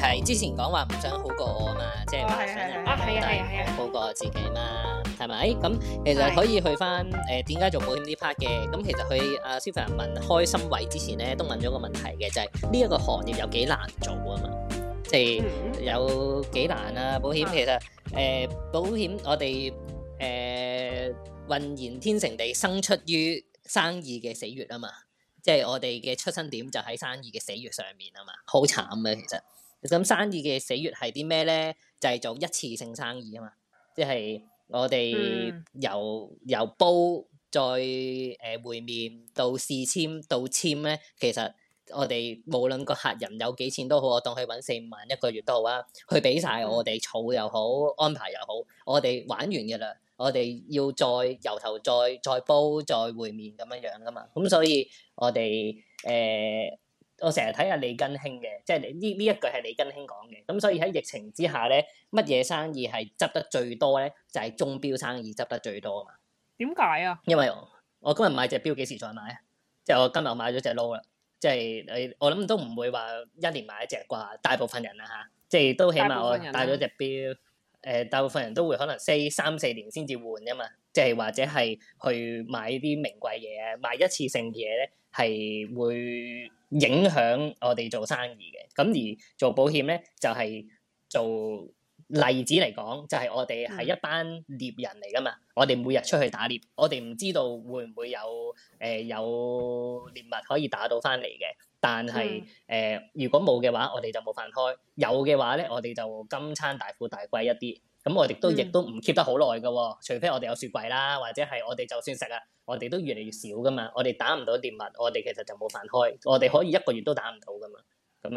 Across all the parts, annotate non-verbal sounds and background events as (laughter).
係之前講話唔想好過我嘛，即係話、oh, 想啊係啊係啊係啊好過我自己嘛，係咪咁？其實可以去翻誒，點、呃、解做保險呢 part 嘅？咁、嗯、其實去阿 Superman 開心位之前咧，都問咗個問題嘅，就係呢一個行業有幾難做啊嘛，即、就、係、是 mm hmm. 有幾難啊？保險、mm hmm. 其實誒、呃，保險我哋誒，渾、呃、然天成地生出於生意嘅死穴啊嘛，即係我哋嘅出生點就喺生意嘅死穴上面啊嘛，好慘啊！其實。咁生意嘅死穴係啲咩咧？就係、是、做一次性生意啊嘛，即係我哋由、嗯、由煲再誒會面到試簽到簽咧，其實我哋無論個客人有幾錢都好，我當佢揾四五萬一個月都好啊，佢俾晒我哋儲又好，安排又好，我哋玩完嘅啦，我哋要再由頭再再煲再會面咁樣樣噶嘛，咁所以我哋誒。呃我成日睇下李根興嘅，即係呢呢一句係李根興講嘅，咁所以喺疫情之下咧，乜嘢生意係執得最多咧？就係、是、鐘錶生意執得最多啊嘛。點解啊？因為我，我今日買隻表，幾時再買啊？即係我今日買咗隻勞啦，即係誒，我諗都唔會話一年買一隻啩。大部分人啊吓，即係都起碼我戴咗隻表，誒、啊呃，大部分人都會可能 say 三四年先至換噶嘛。即係或者係去買啲名貴嘢，買一次性嘅嘢咧係會。影響我哋做生意嘅，咁而做保險咧就係、是、做例子嚟講，就係、是、我哋係一班獵人嚟㗎嘛，我哋每日出去打獵，我哋唔知道會唔會有誒、呃、有獵物可以打到返嚟嘅，但係誒、呃、如果冇嘅話，我哋就冇飯開；有嘅話咧，我哋就今餐大富大貴一啲。咁我哋都亦都唔 keep 得好耐嘅，嗯、除非我哋有雪櫃啦，或者係我哋就算食啊，我哋都越嚟越少噶嘛。我哋打唔到獵物，我哋其實就冇飯開。我哋可以一個月都打唔到噶嘛，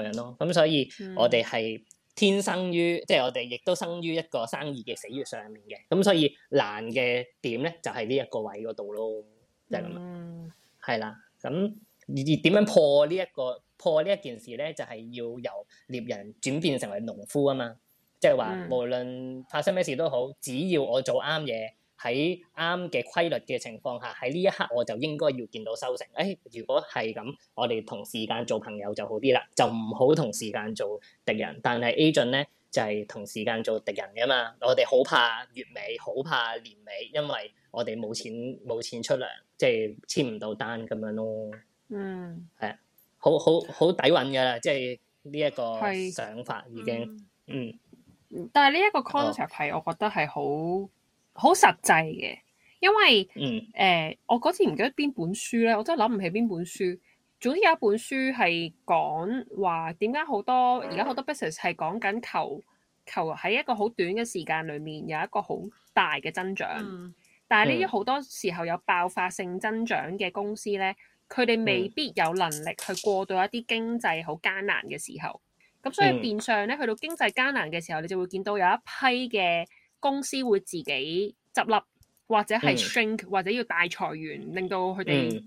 咁樣咯。咁所以我哋係天生於，嗯、即係我哋亦都生於一個生意嘅死穴上面嘅。咁所以難嘅點咧，就係呢一個位嗰度咯，就係、是、咁樣。嗯，係啦。咁而點樣破呢、這、一個破呢一件事咧，就係、是、要由獵人轉變成為農夫啊嘛。即係話，mm. 無論發生咩事都好，只要我做啱嘢，喺啱嘅規律嘅情況下，喺呢一刻我就應該要見到收成。誒、哎，如果係咁，我哋同時間做朋友就好啲啦，就唔好同時間做敵人。但係 agent 呢就係、是、同時間做敵人啊嘛。我哋好怕月尾，好怕年尾，因為我哋冇錢冇錢出糧，即、就、係、是、簽唔到單咁樣咯。嗯，係啊，好好好底蘊㗎啦，即係呢一個想法已經、mm. 嗯。但係呢一個 concept 係，我覺得係好好實際嘅，因為誒、mm. 呃，我嗰次唔記得邊本書咧，我真係諗唔起邊本書。總之有一本書係講話點解好多而家好多 business 係講緊求求喺一個好短嘅時間裏面有一個好大嘅增長，mm. 但係呢啲好多時候有爆發性增長嘅公司咧，佢哋未必有能力去過到一啲經濟好艱難嘅時候。咁、嗯、所以變相咧，去到經濟艱難嘅時候，你就會見到有一批嘅公司會自己執笠，或者係 shrink、嗯、或者要大裁員，令到佢哋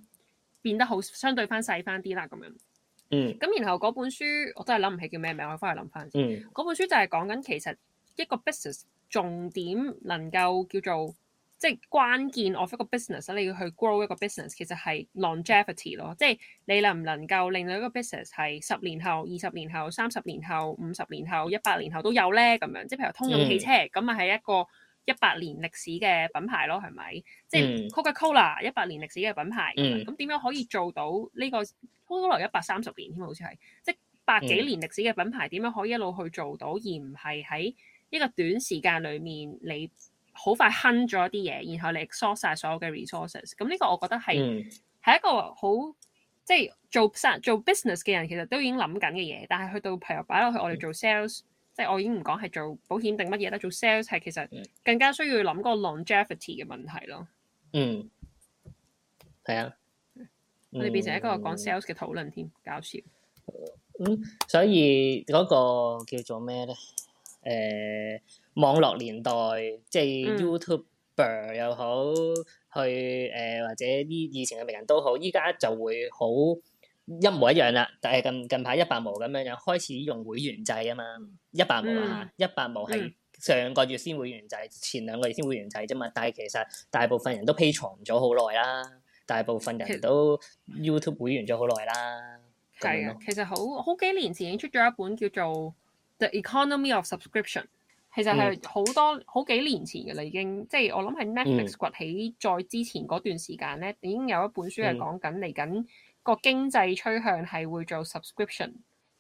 變得好相對翻細翻啲啦。咁樣，咁、嗯、然後嗰本書我真係諗唔起叫咩名，我翻去諗翻先。嗰、嗯、本書就係講緊其實一個 business 重點能夠叫做。即係關鍵，of 一個 business 你要去 grow 一個 business，其實係 longevity 咯。即係你能唔能夠令到一個 business 係十年後、二十年後、三十年後、五十年後、一百年後都有咧？咁樣即係譬如通用汽車咁啊，係、嗯、一個一百年歷史嘅品牌咯，係咪？即係 Coca-Cola 一百年歷史嘅品牌咁點、嗯、樣可以做到呢個 Coca-Cola 一百三十年添啊？好似係即係百幾年歷史嘅品牌，點樣可以一路去做到而唔係喺一個短時間裡面你？好快慳咗一啲嘢，然後你縮晒所有嘅 resources。咁、嗯、呢個我覺得係係、嗯、一個好即係做生做 business 嘅人，其實都已經諗緊嘅嘢。但係去到譬如擺落去我哋做 sales，嗯、即係我已經唔講係做保險定乜嘢啦，做 sales 係其實更加需要諗嗰個 longevity 嘅問題咯、嗯啊。嗯，係啊，我哋變成一個講 sales 嘅討論添，搞笑。嗯，所以嗰個叫做咩咧？誒、呃、網絡年代，即係 YouTube 又、嗯、好，去誒、呃、或者啲以前嘅名人都好，依家就會好一模一樣啦。但係近近排一百毛咁樣，又開始用會員制啊嘛，一百、嗯、毛啊，一百毛係上個月先會員制，嗯、前兩個月先會員制啫嘛。但係其實大部分人都 pay 藏咗好耐啦，大部分人都 YouTube 會員咗好耐啦。係啊、嗯，其實好好幾年前已經出咗一本叫做。就 economy of subscription 其實係好多、嗯、好幾年前㗎啦，已經即係我諗係 Netflix 崛起再之前嗰段時間咧，嗯、已經有一本書係講緊嚟緊個經濟趨向係會做 subscription。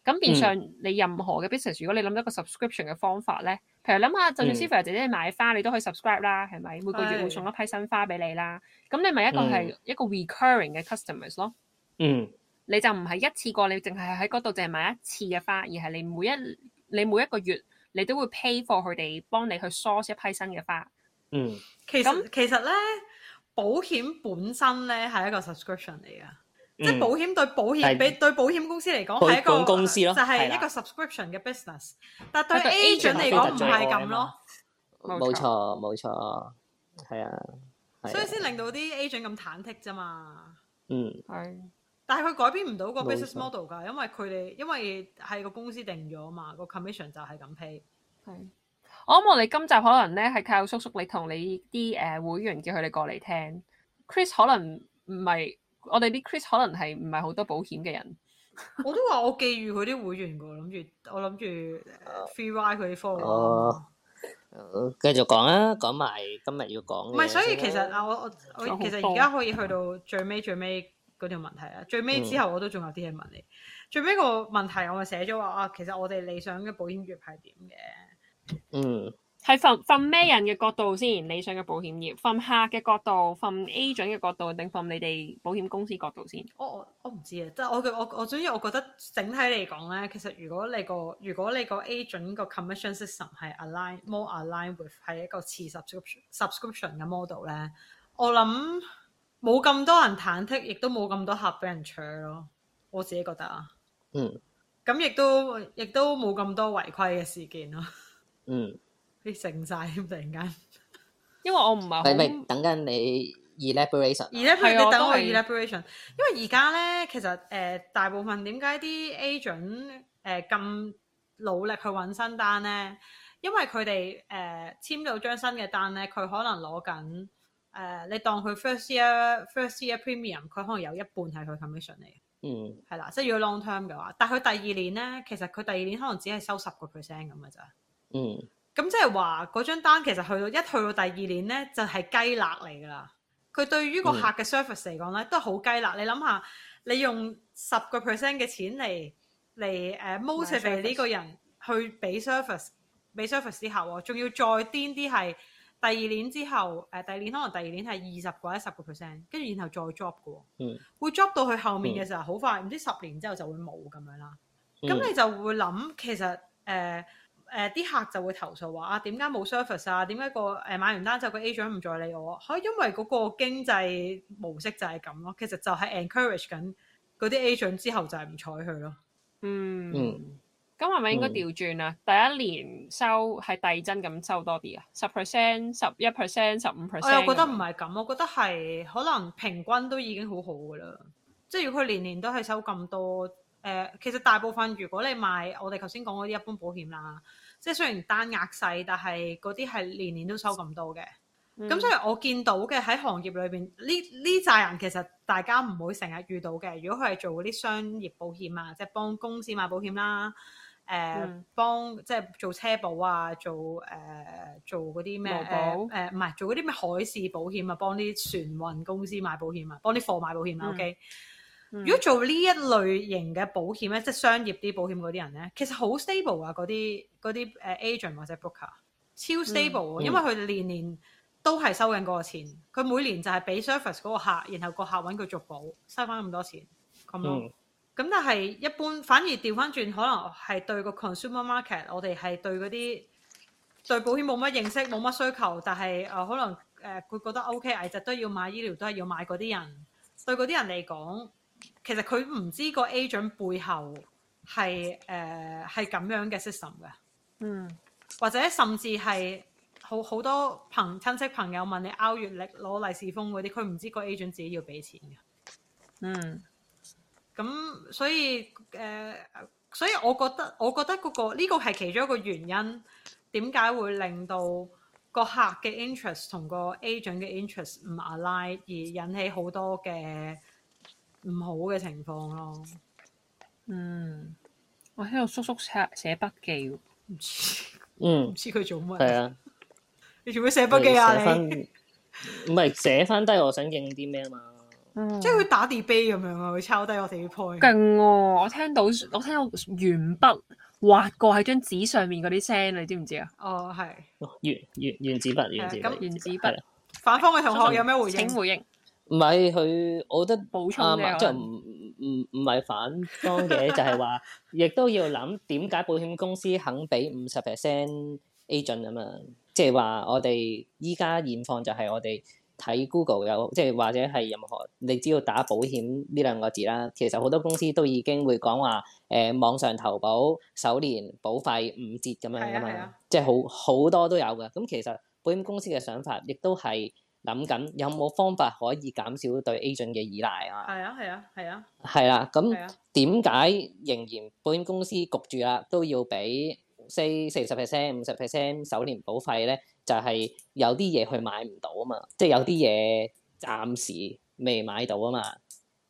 咁變相、嗯、你任何嘅 business，如果你諗到一個 subscription 嘅方法咧，譬如諗下，就算 s i a、嗯、姐姐買花，你都可以 subscribe 啦，係咪每個月會送一批新花俾你啦？咁、嗯、你咪一個係一個 recurring 嘅 customers 咯，嗯。嗯，你就唔係一次過你，你淨係喺嗰度淨係買一次嘅花，而係你每一。你每一個月，你都會 pay 貨佢哋幫你去 source 一批新嘅花。嗯，其實其實咧，保險本身咧係一個 subscription 嚟噶，即係保險對保險比對保險公司嚟講係一個公司咯，就係一個 subscription 嘅 business。但對 agent 嚟講唔係咁咯，冇錯冇錯，係啊，所以先令到啲 agent 咁忐忑啫嘛。嗯，係。但係佢改變唔到個 business model 㗎，錯，因為佢哋因為係個公司定咗啊嘛，個 commission 就係咁 pay。我諗我哋今集可能咧係靠叔叔你同你啲誒、呃、會員叫佢哋過嚟聽。Chris 可能唔係，我哋啲 Chris 可能係唔係好多保險嘅人。 (laughs) 我都話我寄語佢啲會員㗎，諗住我諗住 free ride 佢啲貨咯。哦，繼續講啊，講埋今日要講。唔係，所以其實啊看，我我我其實而家可以去到最尾最尾。嗰條問題啦、啊，最尾之後我都仲有啲嘢問你。嗯、最尾個問題我咪寫咗話啊，其實我哋理想嘅保險業係點嘅？嗯，係 from from 咩人嘅角度先？理想嘅保險業 from 客嘅角度 from agent 嘅角度，定 from 你哋保險公司角度先？我我我唔知啊，但係我我我總之我覺得整體嚟講咧，其實如果你個如果你個 agent 個 commission system 係 align more align with 係一個似 subscription subscription 嘅 model 咧，我諗。冇咁多人忐忑，亦都冇咁多客俾人，人搶咯。我自己覺得啊，嗯，咁亦都亦都冇咁多違規嘅事件咯。 (laughs) 嗯，你盛晒，咁突然間，因為我唔係係咪等緊你 elaboration？而家你等的我 elaboration 因為而家咧其實誒、呃、大部分點解啲 agent 誒咁努力去揾新單咧？因為佢哋誒簽到張新嘅單咧，佢可能攞緊。誒，uh, 你當佢 first year，first year premium，佢可能有一半係佢 commission 嚟嘅，嗯，係啦，即係要 long term 嘅話，但係佢第二年咧，其實佢第二年可能只係收十個 percent 咁嘅咋。嗯，咁即係話嗰張單其實去到一去到第二年咧，就係、是、雞肋嚟㗎啦。佢對於個客嘅 service 嚟講咧，都係好雞肋。你諗下，你用十個 percent 嘅錢嚟嚟誒，motivate 呢個人去俾 service 俾 service 啲客喎，仲要再癲啲係。第二年之後，誒、呃、第二年可能第二年係二十個或者十個 percent，跟住然後再 drop 嘅、哦，mm. 會 drop 到佢後面嘅時候，好快唔知十年之後就會冇咁樣啦。咁、mm. 你就會諗，其實誒誒啲客就會投訴話啊，點解冇 service 啊？點解、個誒、呃、買完單就個 agent 唔再理我？可以因為嗰個經濟模式就係咁咯。其實就係 encourage 緊嗰啲 agent 之後就係唔睬佢咯。嗯。Mm. 咁係咪應該調轉啊？嗯、第一年收係遞增咁收多啲啊，十 percent、十一 percent、十五 percent。我又覺得唔係咁，我覺得係可能平均都已經好好噶啦。即係如果佢年年都係收咁多誒、呃。其實大部分如果你買我哋頭先講嗰啲一般保險啦，即係雖然單額細，但係嗰啲係年年都收咁多嘅。咁、嗯、所以我見到嘅喺行業裏邊呢呢扎人其實大家唔會成日遇到嘅。如果佢係做嗰啲商業保險啊，即係幫公司買保險啦、啊。誒、uh, 嗯、幫即係做車保啊，做誒、uh, 做嗰啲咩誒，唔係做嗰啲咩海事保險啊，幫啲船運公司買保險啊，幫啲貨買保險啊。OK，如果做呢一類型嘅保險咧、啊，即係商業啲保險嗰啲人咧，其實好 stable 啊。嗰啲啲誒 agent 或者 broker 超、啊、stable、嗯、因為佢年年都係收緊嗰個錢。佢、嗯嗯、每年就係俾 service 嗰個客，然後個客揾佢續保，收翻咁多錢咁咯。咁但係一般反而調翻轉，可能係對個 consumer market，我哋係對嗰啲對保險冇乜認識，冇乜需求。但係誒、呃、可能誒佢、呃、覺得 O K，危疾都要買，醫療都係要買嗰啲人。對嗰啲人嚟講，其實佢唔知個 agent 背後係誒係咁樣嘅 system 嘅。嗯。或者甚至係好好多朋親戚朋友問你拗月曆攞利是封嗰啲，佢唔知個 agent 自己要俾錢嘅。嗯。咁所以誒、呃、所以我覺得，我覺得、嗰個呢個係其中一個原因，點解會令到個客嘅 interest 同個 agent 嘅 interest 唔 align 而引起多好多嘅唔好嘅情況咯。嗯，我喺度叔叔寫寫筆記，唔知，唔知嗯唔知佢做乜。係啊， (laughs) 你做會寫筆記啊你？你唔係寫翻低，我想應啲咩啊嘛？嗯、即係佢打 debate 咁樣啊！佢抄低我哋啲 point。勁喎！我聽到我聽到鉛筆劃過喺張紙上面嗰啲聲，你知唔知啊？哦，係、哦、原原原子筆，原子咁原子筆。反方嘅同學有咩回應？請回應。唔係佢，我覺得補充啊嘛，即係唔唔唔唔係反方嘅，就係話亦都要諗點解保險公司肯俾五十 percent agent 啊嘛？即係話我哋依家現況就係我哋。睇 Google 有即係或者係任何，你只要打保險呢兩個字啦，其實好多公司都已經會講話誒，網上投保首年保費五折咁樣噶嘛，即係好好多都有噶。咁其實保險公司嘅想法亦都係諗緊有冇方法可以減少對 agent 嘅依賴啊。係啊係啊係啊。係啦、啊，咁點解仍然保險公司焗住啦都要俾四四十 percent、五十 percent 首年保費咧？就係有啲嘢佢買唔到啊嘛，即係有啲嘢暫時未買到啊嘛，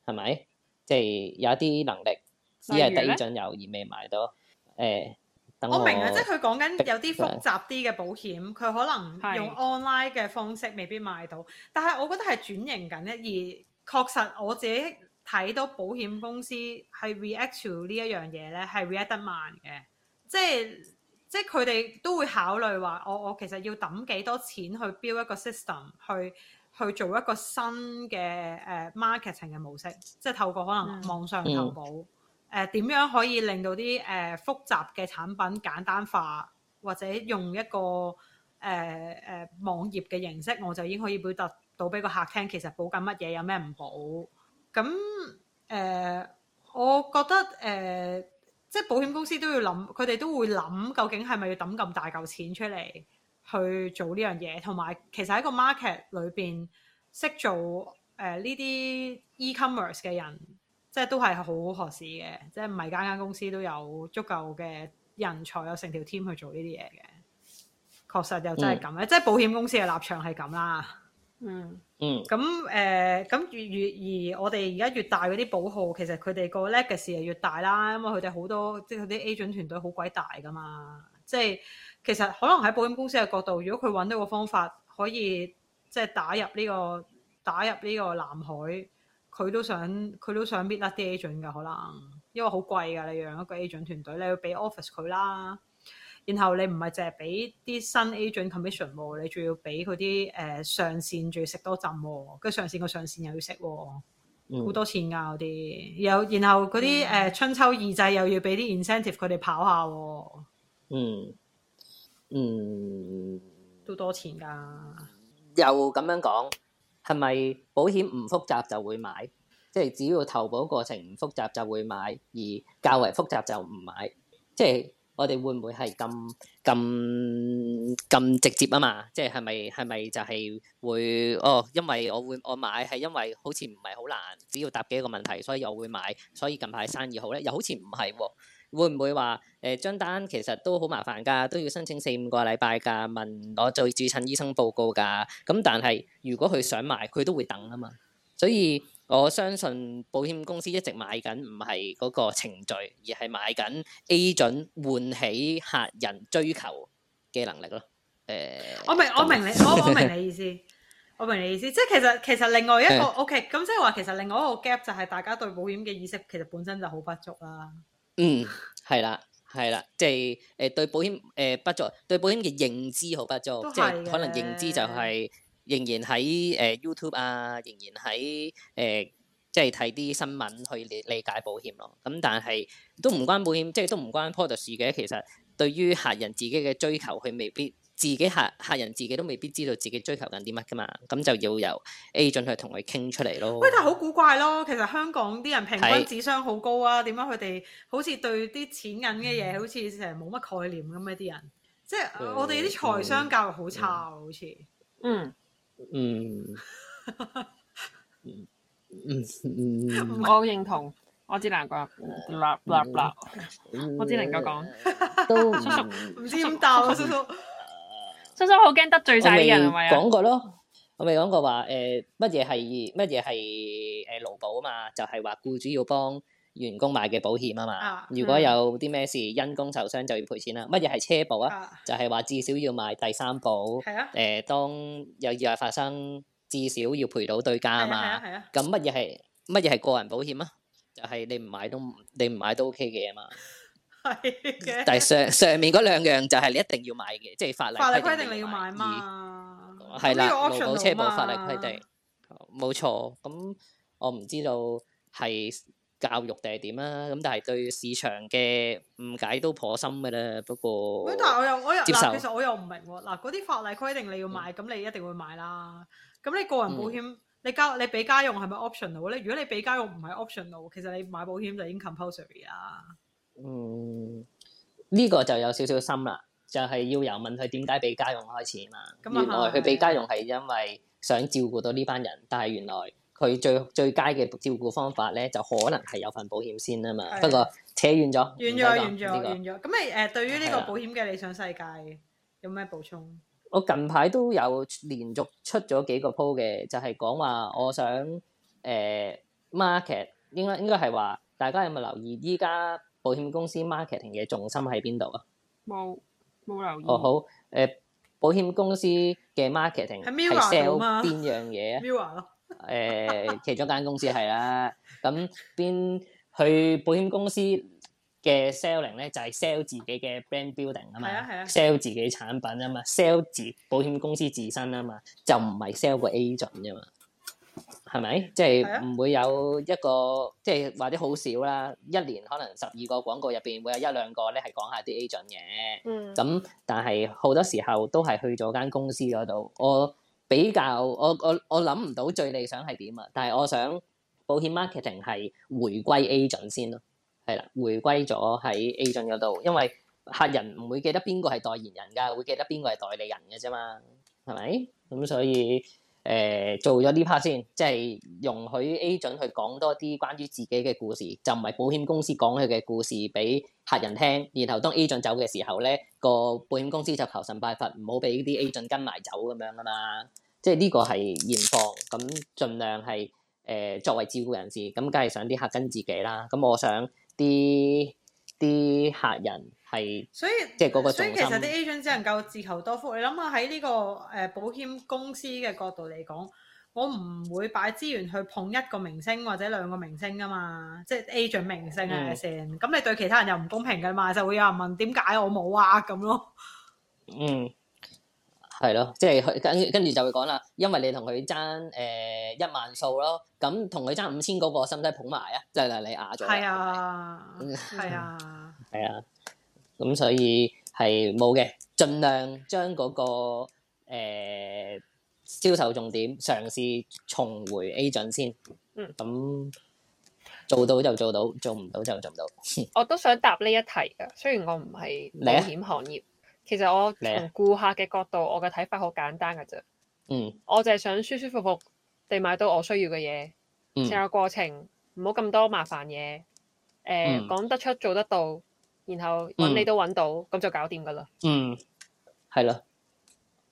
係咪？即係有一啲能力只係得一樽油而未買到，誒、欸，等我。我明啊，即係佢講緊有啲複雜啲嘅保險，佢的可能用 online 嘅方式未必買到，的但係我覺得係轉型緊一。而確實我自己睇到保險公司係 react to 呢一樣嘢咧，係 react 得慢嘅，即係。即係佢哋都會考慮話，我我其實要揼幾多錢去 build 一個 system，去去做一個新嘅誒、uh, marketing 嘅模式，即係透過可能網上投保，誒點、嗯呃、樣可以令到啲誒、呃、複雜嘅產品簡單化，或者用一個誒誒、呃呃、網頁嘅形式，我就已經可以表達到俾個客聽，其實保緊乜嘢，有咩唔保。咁誒、呃，我覺得誒。呃即係保險公司都要諗，佢哋都會諗究竟係咪要抌咁大嚿錢出嚟去做呢樣嘢，同埋其實喺個 market 裏邊識做誒呢、呃、啲 e-commerce 嘅人，即係都係好好學士嘅，即係唔係間間公司都有足夠嘅人才有成條 team 去做呢啲嘢嘅。確實又真係咁咧，嗯、即係保險公司嘅立場係咁啦。嗯嗯，咁誒、嗯，咁越越而我哋而家越大嗰啲保號，其實佢哋個 legacy 係越大啦，因為佢哋好多即係啲 agent 團隊好鬼大噶嘛，即係其實可能喺保險公司嘅角度，如果佢揾到個方法可以即係打入呢個打入呢個南海，佢都想佢都想搣甩啲 agent 嘅可能，因為好貴㗎，你養一個 agent 團隊，你要俾 office 佢啦。然後你唔係淨係俾啲新 agent commission 喎、哦，你仲要俾嗰啲誒上線、哦，仲要食多浸，跟住上線個上線又要食、哦，好、嗯、多錢㗎、啊、啲。又然後嗰啲誒春秋二制又要俾啲 incentive，佢哋跑下、哦嗯。嗯嗯，都多錢㗎、啊。又咁樣講，係咪保險唔複雜就會買？即係只要投保過程唔複雜就會買，而較為複雜就唔買。即係。我哋會唔會係咁咁咁直接啊嘛？即係係咪係咪就係會哦？因為我會我買係因為好似唔係好難，只要答幾個問題，所以又會買，所以近排生意好咧，又好似唔係喎。會唔會話誒張單其實都好麻煩㗎，都要申請四五個禮拜㗎，問我做主診醫生報告㗎。咁但係如果佢想買，佢都會等啊嘛。所以。我相信保險公司一直買緊唔係嗰個程序，而係買緊 agent 喚起客人追求嘅能力咯。誒、嗯，我明對我明你，我我明你意思， (laughs) 我明你意思，即係其實其實另外一個的 OK，咁即係話其實另外一個 gap 就係大家對保險嘅意識其實本身就好不足啦。嗯，係啦，係啦，即係誒、呃、對保險誒、呃、不足，對保險嘅認知好不足，即係可能認知就係、是。仍然喺誒、呃、YouTube 啊，仍然喺誒、呃、即係睇啲新聞去理理解保險咯。咁、嗯、但係都唔關保險，即係都唔關 product 嘅。其實對於客人自己嘅追求，佢未必自己客客人自己都未必知道自己追求緊啲乜㗎嘛。咁就要由 A 進去同佢傾出嚟咯。喂，但係好古怪咯。其實香港啲人平均智商好高啊，點解佢哋好似對啲錢銀嘅嘢好似成日冇乜概念咁咧？啲、嗯、人即係、嗯啊、我哋啲財商教育好差啊，好似嗯。嗯 (laughs) 嗯，嗯嗯嗯，我認同，我只能夠，我只能夠講，嗯、 (laughs) 都叔叔唔知點答叔叔，叔叔 (laughs) 好驚得罪晒啲人，係咪啊？講過咯，我未講過話誒，乜嘢係乜嘢係誒勞保啊嘛，就係話雇主要幫。員工買嘅保險啊嘛，如果有啲咩事因公受傷就要賠錢啦。乜嘢係車保啊？就係話至少要買第三保，誒當有意外發生，至少要賠到對家啊嘛。咁乜嘢係乜嘢係個人保險啊？就係你唔買都你唔買都 OK 嘅啊嘛。係嘅。但係上上面嗰兩樣就係你一定要買嘅，即係法例。法例規定你要買嘛。係啦，勞保、車保，法律規定，冇錯。咁我唔知道係教育定係點啦？咁但係對市場嘅誤解都頗深嘅啦。不過，喂，但係我又我又嗱，其實我又唔明喎。嗱，嗰啲法例規定你要買，咁、嗯、你一定會買啦。咁你個人保險，嗯、你家你俾家用係咪 optional 咧？如果你俾家用唔係 optional 喎，其實你買保險就已經 compulsory 啊。嗯，呢、這個就有少少深啦，就係、是、要由問佢點解俾家用開始啊嘛。嗯、原來佢俾家用係因為想照顧到呢班人，但係原來。佢最最佳嘅照顧方法咧，就可能係有份保險先啊嘛。 (music) 不過扯遠咗，遠咗了，遠咗，遠咗了。咁咪誒，對於呢個保險嘅理想世界，的有咩補充？我近排都有連續出咗幾個 po 嘅，就係、是、講話我想誒、呃、market 應該應該係話，大家有冇留意依家保險公司 marketing 嘅重心喺邊度啊？冇冇留意？哦好誒、呃，保險公司嘅 marketing 係 sell 邊樣嘢啊 m u 誒， (laughs) 其中間公司係啦，咁邊去保險公司嘅 selling 咧，就係 sell 自己嘅 brand building 啊嘛，啊、sell 自己產品啊嘛，sell 自保險公司自身啊嘛，就唔係 sell 個 agent 啫嘛，係咪？即係唔會有一個，啊、即係話啲好少啦，一年可能十二個廣告入邊會有一兩個咧係講下啲 agent 嘅，咁、嗯、但係好多時候都係去咗間公司嗰度，我。比較，我我我諗唔到最理想係點啊！但係我想保險 marketing 係回歸 agent 先咯，係啦，回歸咗喺 agent 嗰度，因為客人唔會記得邊個係代言人㗎，會記得邊個係代理人㗎啫嘛，係咪？咁所以。誒、呃、做咗呢 part 先，即係容許 agent 去講多啲關於自己嘅故事，就唔係保險公司講佢嘅故事俾客人聽。然後當 agent 走嘅時候咧，個保險公司就求神拜佛，唔好俾啲 agent 跟埋走咁樣㗎嘛。即係呢個係現況，咁盡量係誒、呃、作為照顧人士，咁梗係想啲客跟自己啦。咁我想啲。啲客人係，所以即係嗰個，所以其實啲 agent 只能夠自求多福。你諗下喺呢個誒保險公司嘅角度嚟講，我唔會擺資源去捧一個明星或者兩個明星㗎嘛，即係 agent 明星係咪先？咁是你對其他人又唔公平㗎嘛，就會有人問點解我冇啊咁咯。嗯。係咯，即係跟跟住就會講啦。因為你同佢爭誒一萬數咯，咁同佢爭五千嗰個，使唔使捧埋啊？即係你啞咗。係啊，係啊，係啊。咁所以係冇嘅，盡量將嗰個誒銷售重點嘗試重回 agent 先。嗯。咁做到就做到，做唔到就做唔到。 (laughs) 我都想答呢一題啊，雖然我唔係保險行業。其實我從顧客嘅角度，我嘅睇法好簡單噶啫。嗯，我就係想舒舒服服地買到我需要嘅嘢，成個、嗯、過程唔好咁多麻煩嘢。誒、呃，講、嗯、得出做得到，然後搵你都搵到，咁、嗯、就搞掂噶啦。嗯，係啦。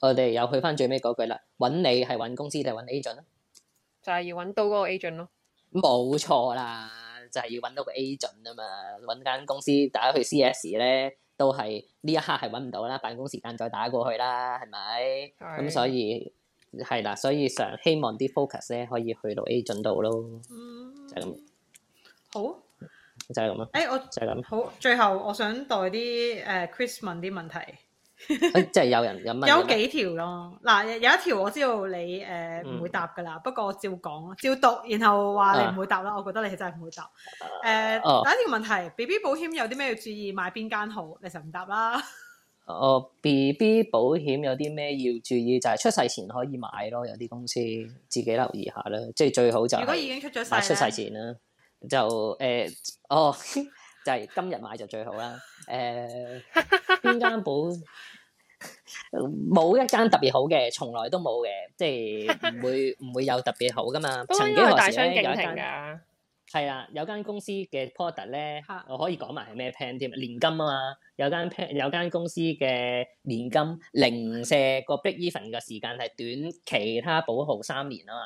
我哋又去翻最尾嗰句啦。搵你係搵公司定係搵 agent 啊？就係要搵到嗰個 agent 咯。冇錯啦，就係、是、要搵到個 agent 啊嘛。搵間公司，打去 CS 咧。都係呢一刻係揾唔到啦，辦公時間再打過去啦，係咪？咁是所以係啦，所以常希望啲 focus 咧可以去到 agent 度咯，嗯、就係咁。好，就係咁啦。誒、欸，我就係咁。好，最後我想代啲誒 Chris 問啲問題。 (laughs) 即係有人有幾條咯，嗱有一條我知道你誒唔、呃、會答噶啦，不過我照講，照讀，然後話你唔會答啦，嗯、我覺得你係真係唔會答。誒、呃，哦、第一條問題，B B 保險有啲咩要注意，買邊間好？你就唔答啦？哦，B B 保險有啲咩要注意？就係、是、出世前可以買咯，有啲公司自己留意下啦，即係最好就如果已經出咗世出世前啦，就誒、呃，哦， (laughs) 就係今日買就最好啦。誒、 (laughs) 呃，邊間保？ (laughs) 冇一間特別好嘅，從來都冇嘅，即係唔會唔會有特別好噶嘛。曾經係大相徑庭噶，係啦，有間公司嘅 product 咧，我可以講埋係咩 plan 添啊？年金啊嘛，有間 plan 有間公司嘅年金零舍個 break even 嘅時間係短，其他保號三年啊嘛，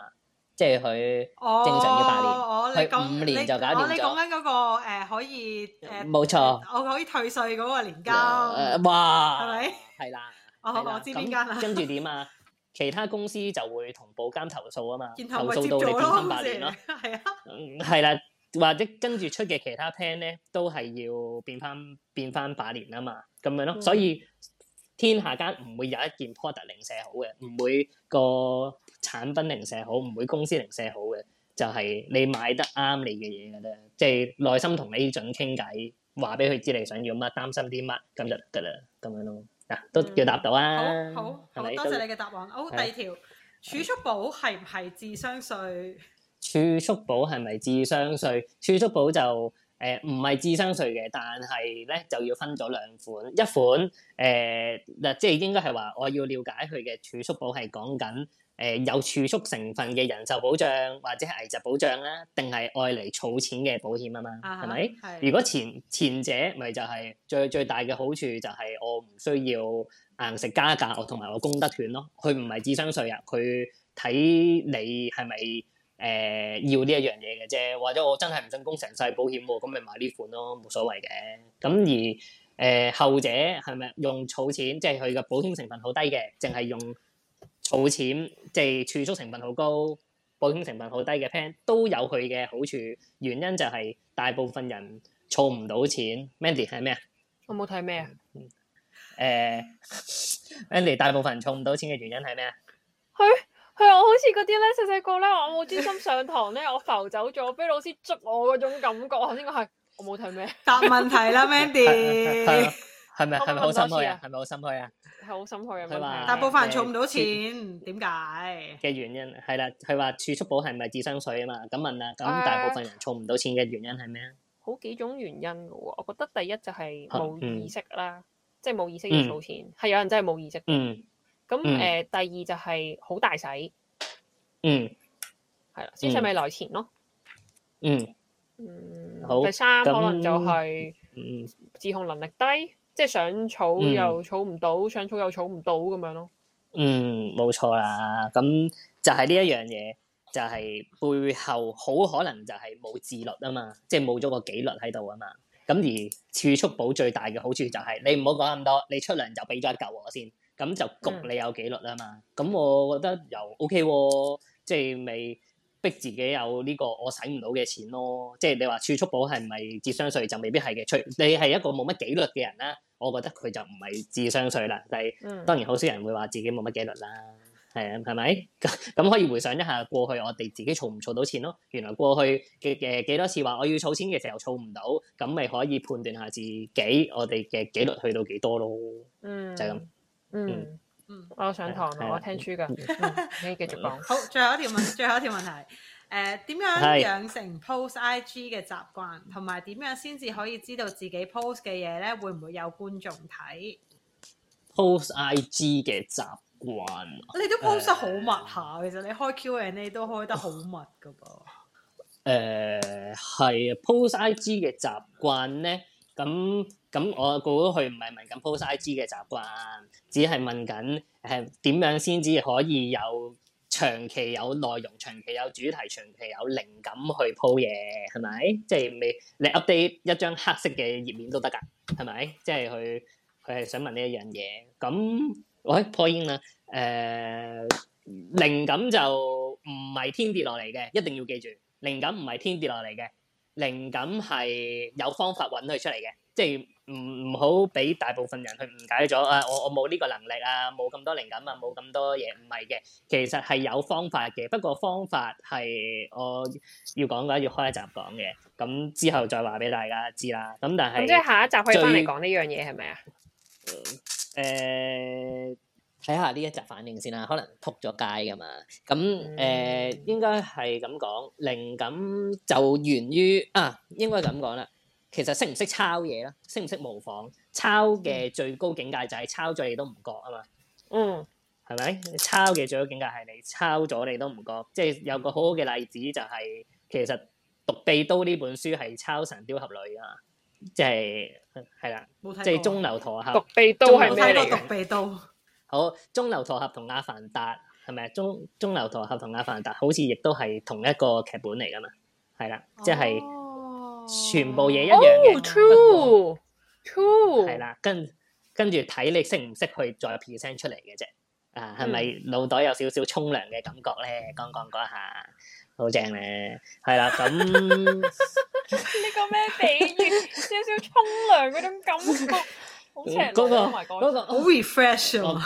即係佢正常要八年，佢五年就搞掂咗。你講緊嗰個誒，可以誒，冇錯，我可以退稅嗰個年金，哇，係咪係啦？哦，oh, 的我知點解啦。 (laughs) 跟住點啊？其他公司就會同保監投訴啊嘛。投訴到你變翻八年咯，咁先、嗯。係啊、 (laughs) 嗯。係啦，或者跟住出嘅其他 plan 咧，都係要變翻變翻八年啊嘛。咁樣咯， (laughs) 所以天下間唔會有一件 product 零舍好嘅，唔 (laughs) 會個產品零舍好，唔會公司零舍好嘅，就係、是、你買得啱你嘅嘢嘅啫。即係耐心同 agent 傾偈，話俾佢知你想要乜，擔心啲乜，咁就得啦。咁樣咯。嗱、啊，都叫答到啊、嗯！好好，是是多謝你嘅答案。好、哦，第二條，儲、啊、蓄保係唔係智商稅？儲蓄保係咪智商稅？儲蓄保就誒唔係智商稅嘅，但係咧就要分咗兩款，一款誒嗱、呃，即係應該係話我要了解佢嘅儲蓄保係講緊。誒、呃、有儲蓄成分嘅人壽保障或者危疾保障啦，定係愛嚟儲錢嘅保險啊嘛，係咪吧？如果前前者咪就係、是、最最大嘅好處就係我唔需要硬食加價，同埋我供得斷咯。佢唔係智商稅啊，佢睇你係咪誒要呢一樣嘢嘅啫，或者我真係唔信供成世保險喎，咁咪買呢款咯，冇所謂嘅。咁而誒、呃、後者係咪用儲錢，即係佢嘅保險成分好低嘅，淨係用、嗯。儲錢即係儲蓄成分好高，保險成分好低嘅 plan 都有佢嘅好處。原因就係大部分人儲唔到錢。Mandy 係咩啊？我冇睇咩啊？誒、嗯欸、 (laughs) ，Mandy，大部分人儲唔到錢嘅原因係咩啊？係係 (laughs) 我好似嗰啲咧，細細個咧，我冇專心上堂咧，我浮走咗，俾老師捉我嗰種感覺。我頭先講係我冇睇咩？答問題啦，Mandy，係咪係咪好心虛啊？係咪好心虛啊？係好深去嘅問題。大部分人儲唔到錢，點解？嘅原因係啦，佢話儲蓄保係咪智商稅啊嘛？咁問啦，咁大部分人儲唔到錢嘅原因係咩？好幾種原因嘅喎，我覺得第一就係冇意識啦，即係冇意識要儲錢，係有人真係冇意識。嗯。咁誒，第二就係好大使。嗯。係啦，先使未來錢咯。嗯。嗯。好。咁。第三可能就係嗯自控能力低。即係想儲又儲唔到，嗯、想儲又儲唔到咁樣咯。嗯，冇錯啦。咁就係呢一樣嘢，就係、是、背後好可能就係冇自律啊嘛，即係冇咗個紀律喺度啊嘛。咁而儲蓄保最大嘅好處就係、是、你唔好講咁多，你出糧就俾咗一嚿我先，咁就焗你有紀律啊嘛。咁、嗯、我覺得又 OK 喎、哦，即係未逼自己有呢個我使唔到嘅錢咯。即、就、係、是、你話儲蓄保係咪智商稅就未必係嘅，除你係一個冇乜紀律嘅人啦。我覺得佢就唔係智商稅啦，但係當然好少人會話自己冇乜紀律啦，係、嗯、啊，係咪？咁 (laughs) 可以回想一下過去我哋自己儲唔儲到錢咯。原來過去嘅嘅幾,幾多次話我要儲錢嘅時候儲唔到，咁咪可以判斷下自己我哋嘅紀律去到幾多咯嗯。嗯，就係咁。嗯嗯，我上堂、啊啊、我聽書噶，你、 (laughs) 嗯、繼續講。好，最後一條問，最後一條問題。 (laughs) 誒點、uh，樣養成 post IG 嘅習慣，同埋點樣先至可以知道自己 post 嘅嘢咧，會唔會有觀眾睇？post IG 嘅習慣，你都 post 得好密下，其實你開 Q&A 都開得好密噶噃。誒係啊 post、呃、IG 嘅習慣咧，咁咁我過咗去唔係問緊 post IG 嘅習慣，只係問緊誒點樣先至可以有。長期有內容，長期有主題，長期有靈感去鋪嘢，係咪？即係未你 update 一張黑色嘅頁面都得㗎，係咪？即係佢佢係想問呢一樣嘢。咁，喂 p a u l 誒，靈感就唔係天跌落嚟嘅，一定要記住，靈感唔係天跌落嚟嘅，靈感係有方法揾佢出嚟嘅，即係。唔唔好俾大部分人去誤解咗啊！我我冇呢個能力啊，冇咁多靈感啊，冇咁多嘢。唔係嘅，其實係有方法嘅。不過方法係我要講嘅話，要開一集講嘅。咁之後再話俾大家知啦。咁但係即係下一集可以翻嚟講呢樣嘢係咪啊？誒，睇下呢一集反應先啦。可能仆咗街噶嘛。咁誒、呃，應該係咁講。靈感就源於啊，應該咁講啦。其實識唔識抄嘢咧？識唔識模仿？抄嘅最高境界就係抄咗你都唔覺啊嘛。嗯，係咪？抄嘅最高境界係你抄咗你都唔覺。即係有個好好嘅例子就係、是，其實《獨臂刀》呢本書係抄《神雕俠侶》啊，即係係啦，即係《鐘樓駝俠》是是。《獨臂刀》係咩嚟。好，《鐘樓駝俠》同《阿凡達》係咪啊？《鐘、鐘樓駝俠》同《阿凡達》好似亦都係同一個劇本嚟噶嘛？係啦，即係。全部嘢一樣嘅，係啦、oh, true, 是，跟跟住睇你識唔識去再 present 出嚟嘅啫。啊、嗯，係咪腦袋有少少沖涼嘅感覺咧？剛剛嗰下好正咧，係啦。咁呢個咩比喻？少少沖涼嗰種感覺，好正。 (laughs) 嗰、嗰個好、oh、refresh 啊！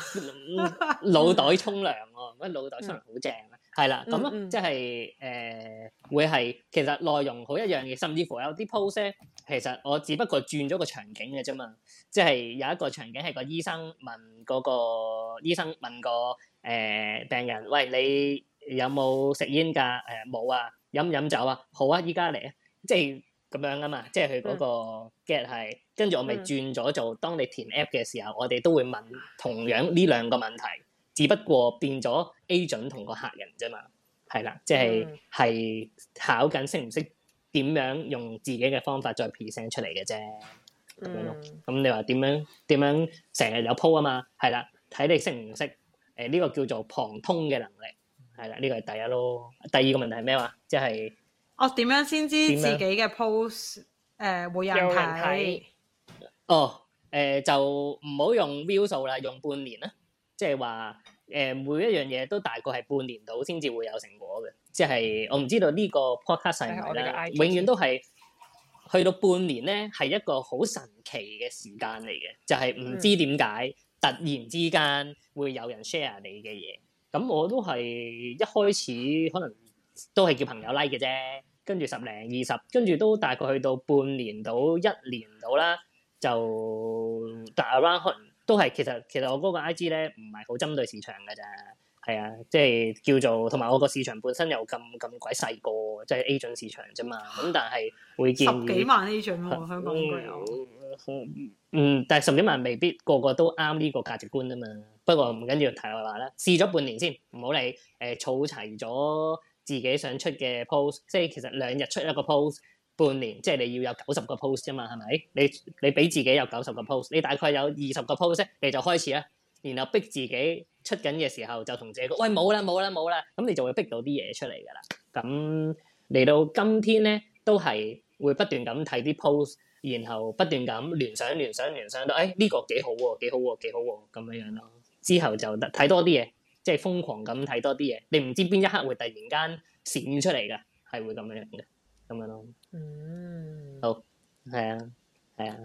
腦袋沖涼喎，乜腦 (laughs) 袋沖涼好正。係啦，咁、嗯嗯、即係誒、呃、會係其實內容好一樣嘅，甚至乎有啲 post 咧，其實我只不過轉咗個場景嘅啫嘛，即係有一個場景係個醫生問嗰、那個醫生問個誒、呃、病人，喂，你有冇食煙㗎？誒、呃、冇啊，飲唔飲酒啊？好啊，依家嚟啊，即係咁樣啊嘛，即係佢嗰個 get 係，嗯、跟住我咪轉咗做當你填 app 嘅時候，嗯、我哋都會問同樣呢兩個問題。只不過變咗 agent 同個客人啫嘛，係啦，即係係、嗯、考緊識唔識點樣用自己嘅方法再 present 出嚟嘅啫，咁、嗯嗯、樣咯。咁你話點樣點樣成日有 post 啊嘛，係啦，睇你識唔識誒呢個叫做旁通嘅能力，係啦，呢、這個係第一咯。第二個問題係咩話？即係我點樣先知自己嘅 post 誒樣、呃、會有人睇？哦，誒、呃、就唔好用 view 數啦，用半年啦，即係話。誒每一樣嘢都大概係半年到先至會有成果嘅，即係我唔知道呢個 podcast 係唔係啦。永遠都係去到半年咧，係一個好神奇嘅時間嚟嘅，就係、是、唔知點解、嗯、突然之間會有人 share 你嘅嘢。咁我都係一開始可能都係叫朋友 like 嘅啫，跟住十零二十，跟住都大概去到半年到一年到啦，就突然間。都係，其實其實我嗰個 I G 咧，唔係好針對市場嘅咋係啊，即係叫做，同埋我個市場本身又咁咁鬼細個，即係 agent 市場啫嘛。咁但係會建議十幾萬 agent 喎，香港都有。嗯，但係十幾萬未必個個都啱呢個價值觀啊嘛。不過唔緊要，睇我話啦，試咗半年先，唔好理。誒、呃，儲齊咗自己想出嘅 post，即係其實兩日出一個 post。半年即係你要有九十個 post 啫嘛，係咪？你你俾自己有九十個 post，你大概有二十個 post，你就開始啦。然後逼自己出緊嘅時候，就同自己講，喂，冇啦冇啦冇啦，咁你就會逼到啲嘢出嚟㗎啦。咁嚟到今天咧，都係會不斷咁睇啲 post，然後不斷咁聯想聯想聯想到誒呢個幾好喎，幾好喎，幾好喎咁樣樣咯。之後就睇多啲嘢，即係瘋狂咁睇多啲嘢。你唔知邊一刻會突然間閃出嚟㗎，係會咁樣樣嘅咁樣咯。嗯，好，係啊，係啊。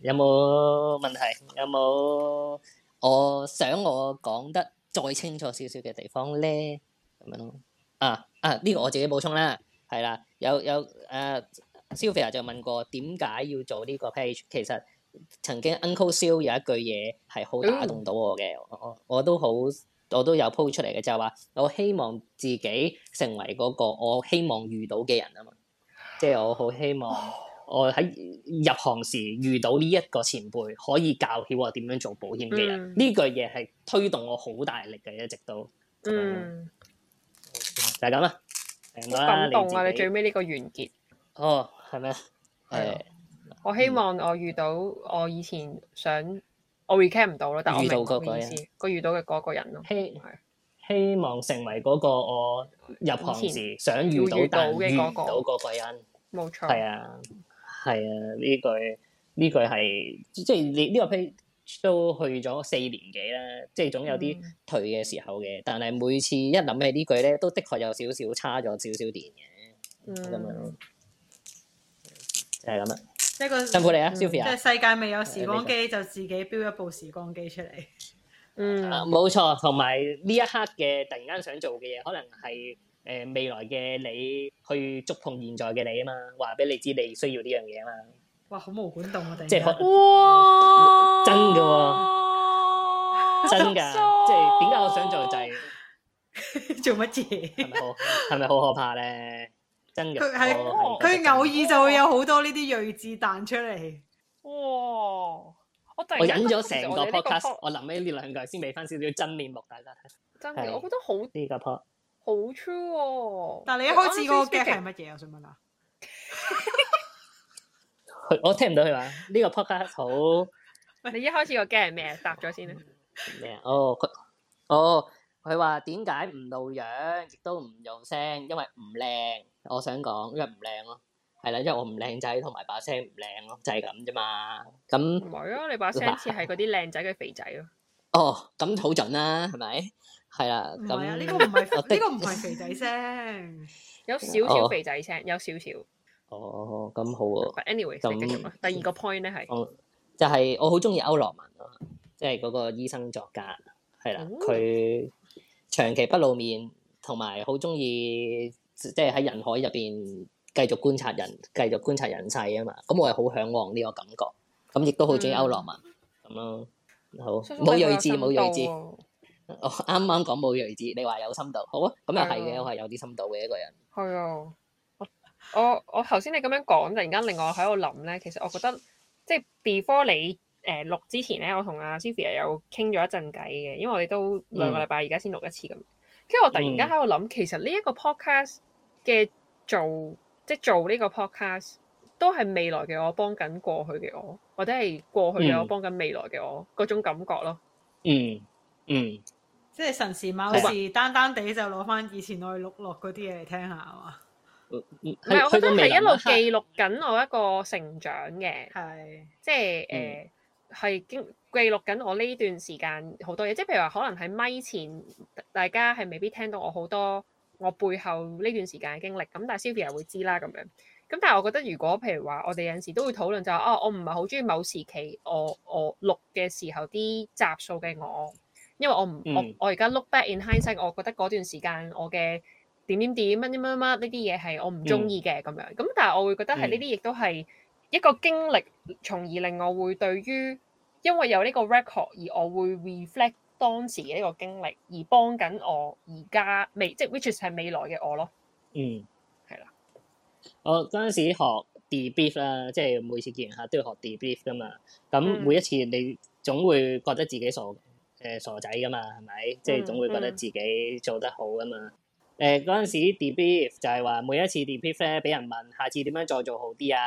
誒，有冇問題？有冇我想我講得再清楚少少嘅地方咧？咁樣咯，啊啊呢、這個我自己補充啦，係啦、啊，有有誒，Sylvia 就問過點解要做呢個 page。其實曾經 Uncle Sir 有一句嘢係好打動到我嘅，嗯、我我都好，我都有 po 出嚟嘅，就話、係、我希望自己成為嗰個我希望遇到嘅人啊嘛。即係我好希望我喺入行時遇到呢一個前輩，可以教曉我點樣做保險嘅人、嗯，呢句嘢係推動我好大力嘅，一直都。嗯，就係咁啦，好感動啊！你，你最尾呢個完結，哦，係咩？係的，嗯、我希望我遇到我以前想我 recap 唔到咯，但係我明嘅意思，佢遇到嘅嗰個人咯，係 Hey.。希望成為嗰個我入行時以前 想遇到但遇到嗰個人，冇錯，係啊，係啊，呢句呢句係即係你呢個批都去咗四年幾啦，即係總有啲退嘅時候嘅。嗯、但係每次一諗起呢句咧，都的確有少少差咗少少電嘅。咁啊、嗯，就係咁啦。個辛苦你啊，Sophia 啊！嗯、Sophia 即係世界未有時光機，嗯、就自己標一部時光機出嚟。嗯、啊，冇錯，同埋呢一刻嘅突然間想做嘅嘢，可能係誒、呃、未來嘅你去觸碰現在嘅你啊嘛，話俾你知你需要、哦、是是呢樣嘢嘛。哇，好冇管動啊！突然間，哇，真噶，真噶，即係點解我想做就係做乜嘢？係咪好？係咪好可怕咧？真噶，佢佢偶爾就會有好多呢啲睿智彈出嚟。哇！我忍咗成個 podcast，我臨尾呢兩句先俾翻少少真面目大家睇。真嘅，我覺得好呢個 pod 好 true。但你一開始個 guess 係乜嘢啊？我想問下。我聽唔到佢話呢個 podcast 好。喂，你一開始個 guess 係咩啊？答咗先啊。咩啊？哦，佢，哦，佢話點解唔露樣亦都唔用聲？因為唔靚。我想講，因為唔靚咯。係啦，因為我唔靚仔，同埋把聲唔靚咯，就係咁啫嘛。咁唔係啊，你把聲似係嗰啲靚仔嘅肥仔咯，啊。哦，咁好準啦，係咪？係啦。唔係啊，呢、啊嗯、個唔係呢個唔係肥仔聲， (laughs) 有少少肥仔聲，有少少。哦，咁好啊。But anyway，咁第二個 point 咧係，就係、是、我好中意歐羅文啊，即係嗰個醫生作家，係啦，佢、嗯、長期不露面，同埋好中意即係喺人海入邊。繼續觀察人，繼續觀察人世啊嘛！咁我係好向往呢個感覺，咁亦都好中意歐羅文咁咯。好，冇睿智，冇睿智。我啱啱講冇睿智，你話有深度，好啊！咁又係嘅，我係有啲深度嘅一個人。係啊，我我我頭先你咁樣講，突然間令我喺度諗咧。其實我覺得，即係 before 你誒錄之前咧，我同阿 Sophie 有又傾咗一陣偈嘅，因為我哋都兩個禮拜而家先錄一次咁。跟住我突然間喺度諗，其實呢一個 podcast 嘅做。即係做呢個 podcast 都係未來嘅我幫緊過去嘅我，或者係過去嘅我幫緊未來嘅我嗰、嗯、種感覺咯。嗯嗯，即係神時貓時吧單單地就攞翻以前我錄落嗰啲嘢嚟聽下啊嘛。唔係，我覺得係一路記錄緊我一個成長嘅，係即係誒係經記錄緊我呢段時間好多嘢，即係譬如話可能喺咪前大家係未必聽到我好多。我背後呢段時間嘅經歷，咁但係 Sophia 會知啦咁樣。咁但係我覺得，如果譬如話，我哋有時都會討論就係、話、啊，我唔係好中意某時期我我錄嘅時候啲集數嘅我，因為我唔、嗯、我我而家 look back in hindsight，我覺得嗰段時間我嘅點點點乜乜乜呢啲嘢係我唔中意嘅咁樣。咁、嗯、但係我會覺得係呢啲亦都係一個經歷，從而令我會對於因為有呢個 record 而我會 reflect。當時嘅一個經歷，而幫緊我而家未，即係 which 是係未來嘅我咯。嗯，係啦的。我嗰陣時學 debrief 啦，即係每次見完客都要學 debrief 噶嘛。咁每一次你總會覺得自己傻，誒、呃、傻仔噶嘛，係咪？即、就、係、是、總會覺得自己做得好噶嘛。誒嗰陣時 debrief 就係話每一次 debrief 咧，俾人問下次點樣再做好啲啊？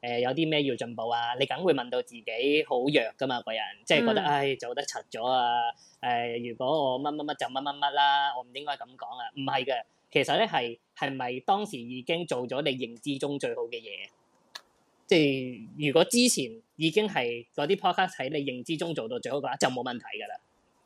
誒、呃，有啲咩要進步啊？你梗會問到自己好弱噶嘛？個人即係覺得，唉，做得柒咗啊！誒、呃，如果我乜乜乜就乜乜乜啦，我唔應該咁講啊！唔係嘅，其實咧係係咪當時已經做咗你認知中最好嘅嘢。即係如果之前已經係嗰啲 podcast 喺你認知中做到最好嘅話，就冇問題噶啦，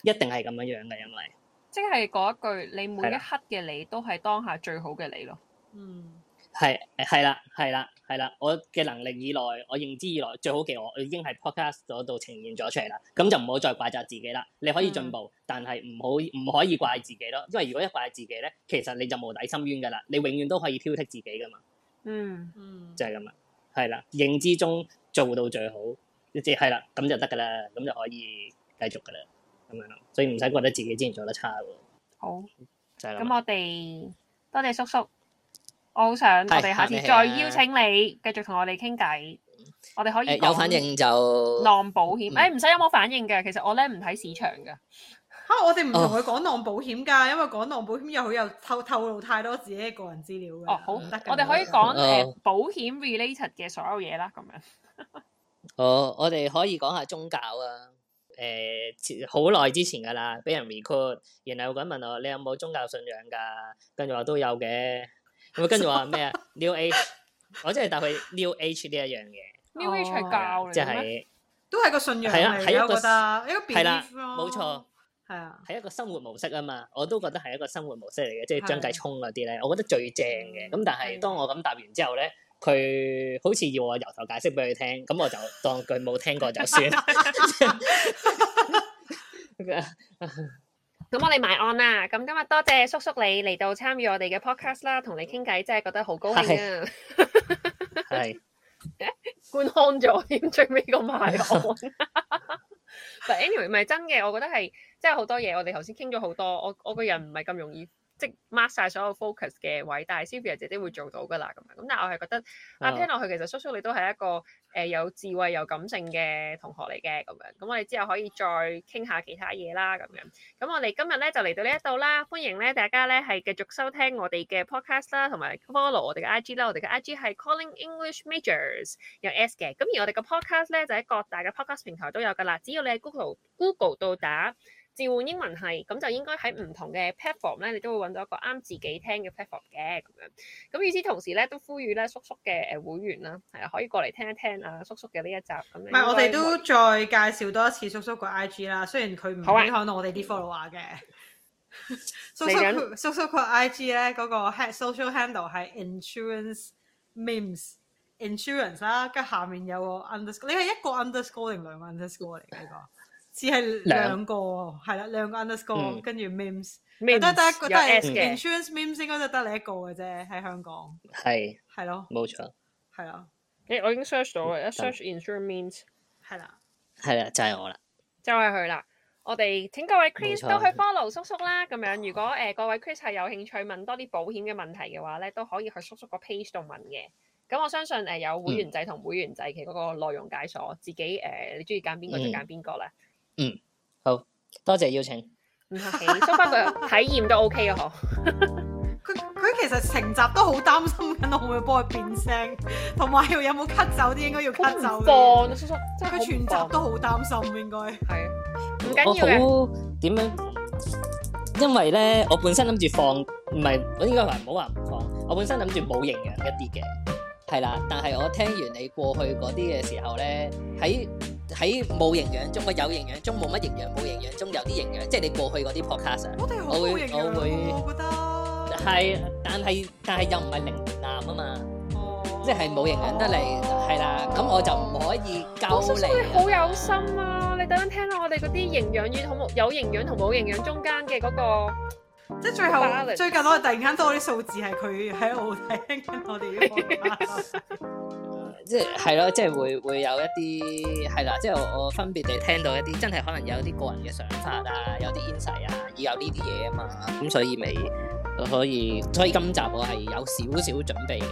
一定係咁樣樣嘅，因為即係嗰一句，你每一刻嘅你都係當下最好嘅你咯，嗯。係係啦，係啦，係啦！我嘅能力以來，我認知以來最好嘅我，已經係 podcast 嗰度呈現咗出嚟啦。咁就唔好再怪責自己啦。你可以進步，嗯、但係唔好唔可以怪自己咯。因為如果一怪自己咧，其實你就無底深淵噶啦。你永遠都可以挑剔自己噶嘛。嗯嗯，嗯就係咁啦。係啦，認知中做到最好，即係啦，咁就得噶啦，咁就可以繼續噶啦，咁樣咯。所以唔使覺得自己之前做得差喎。好，就係咁。咁我哋多謝叔叔。我好想我哋下次再邀請你繼、哎、續同我哋傾偈。哎、我哋可以有反應就浪保險誒，唔使、嗯哎、有冇反應嘅。其實我咧唔睇市場噶吓，我哋唔同佢講浪保險噶，因為講浪保險又好有透透露太多自己嘅個人資料嘅哦，好唔得。我哋可以講誒保險 related 嘅所有嘢啦，咁樣。哦，我哋可以講下宗教啊。誒、呃，好耐之前噶啦，俾人 record，然後咁問我你有冇宗教信仰噶，跟住話都有嘅。咁跟住話咩啊？New Age，我真係答佢 New Age 呢一樣嘢。New Age 係教，即係都係個信仰嚟啊！係一個，係啦，冇錯，係啊，係一個生活模式啊嘛！我都覺得係一個生活模式嚟嘅，即係張繼聰嗰啲咧，我覺得最正嘅。咁但係當我咁答完之後咧，佢好似要我由頭解釋俾佢聽，咁我就當佢冇聽過就算。咁我哋埋案啦，咁今日多謝叔叔你嚟到參與我哋嘅 podcast 啦，同你傾偈真係覺得好高興啊！係 (laughs) ，Yes. Yes. (laughs) 觀看咗添，最尾個埋案。但 (laughs) 係 anyway，唔係真嘅，我覺得係，即係好多嘢，我哋頭先傾咗好多，我我個人唔係咁容易。即係抹曬所有 focus 嘅偉大，但係 Sylvia 姐姐會做到㗎啦，咁樣。咁但係我係覺得，啊聽落去其實叔叔你都係一個誒有智慧有感性嘅同學嚟嘅，咁樣。咁我哋之後可以再傾下其他嘢啦，咁樣。咁我哋今日咧就嚟到呢一度啦，歡迎咧大家咧係繼續收聽我哋嘅 podcast 啦，同埋 follow 我哋嘅 IG 啦，我哋嘅 IG 係 Calling English Majors 有 S 嘅。咁而我哋嘅 podcast 咧就喺各大嘅 podcast 平台都有㗎啦，只要你喺 Google Google 到達。召喚英文係，咁就應該喺唔同嘅 platform 咧，你都會揾到一個啱自己聽嘅 platform 嘅咁樣。咁與此同時咧，都呼籲咧叔叔嘅誒會員啦，係啊，可以過嚟聽一聽啊叔叔嘅呢一集。唔係，是我哋都再介紹多一次叔叔個 IG 啦。雖然佢唔影響到我哋啲 follower 嘅。叔叔，叔叔個 IG 咧，嗰個 social handle 係 insurance memes insurance 啦。跟下面有個 underscore 你係一個 underscore 定兩 underscore 嚟嘅呢個？ (laughs) 只係兩個，係啦，兩個 underscore 跟住 memes，得得得，得 insurance memes 應該就得你一個嘅啫，喺香港係係咯，冇錯，係啊，誒我已經 search 到嘅，一 search insurance memes 係啦，係啦，就係我啦，就係佢啦，我哋請各位 Chris 都去 follow 叔叔啦，咁樣如果誒各位 Chris 係有興趣問多啲保險嘅問題嘅話咧，都可以去叔叔個 page 度問嘅。咁我相信誒有會員制同會員制，其嗰個內容解鎖，自己誒你中意揀邊個就揀邊個啦。嗯，好多謝邀請。蘇伯嘅體驗都 OK 啊，嗬 (laughs) 。佢佢其實成集都好擔心緊我會唔會幫佢變聲，同埋要有冇咳走啲？ (laughs) 放應該要咳走放叔叔，佢全集都好擔心，應該係唔緊要。點樣？因為咧，我本身諗住放，唔係我應該話唔好話唔放。我本身諗住冇營養一啲嘅，係啦。但係我聽完你過去嗰啲嘅時候咧，喺。喺冇營養中，或有營養中冇乜營養，冇營養中有啲營養，即係你過去嗰啲 podcast。我會，我會，我覺得係，但係但係又唔係零點零啊嘛，即係冇營養得嚟，係啦，咁我就唔可以教你。我心都好有心啊！你等陣聽下我哋嗰啲營養與冇有營養同冇營養中間嘅嗰個，即係最後最近我係突然間多啲數字係佢喺度聽緊我哋呢個。即係係咯，即係會會有一啲係啦，即係我分別地聽到一啲真係可能有啲個人嘅想法啊，有啲 insight 啊，要有呢啲嘢啊嘛，咁所以咪可以，所以今集我係有少少準備嘅，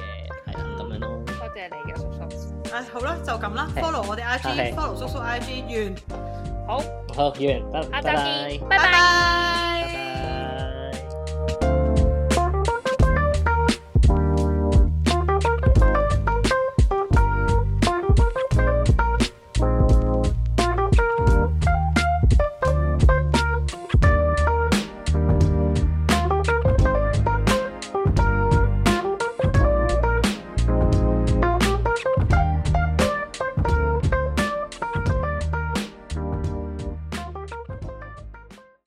係啦咁樣咯。多謝你嘅叔叔。唉，好啦，就咁啦。Follow 我哋 IG，Follow 叔叔 IG，完好，好完，拜拜，拜拜。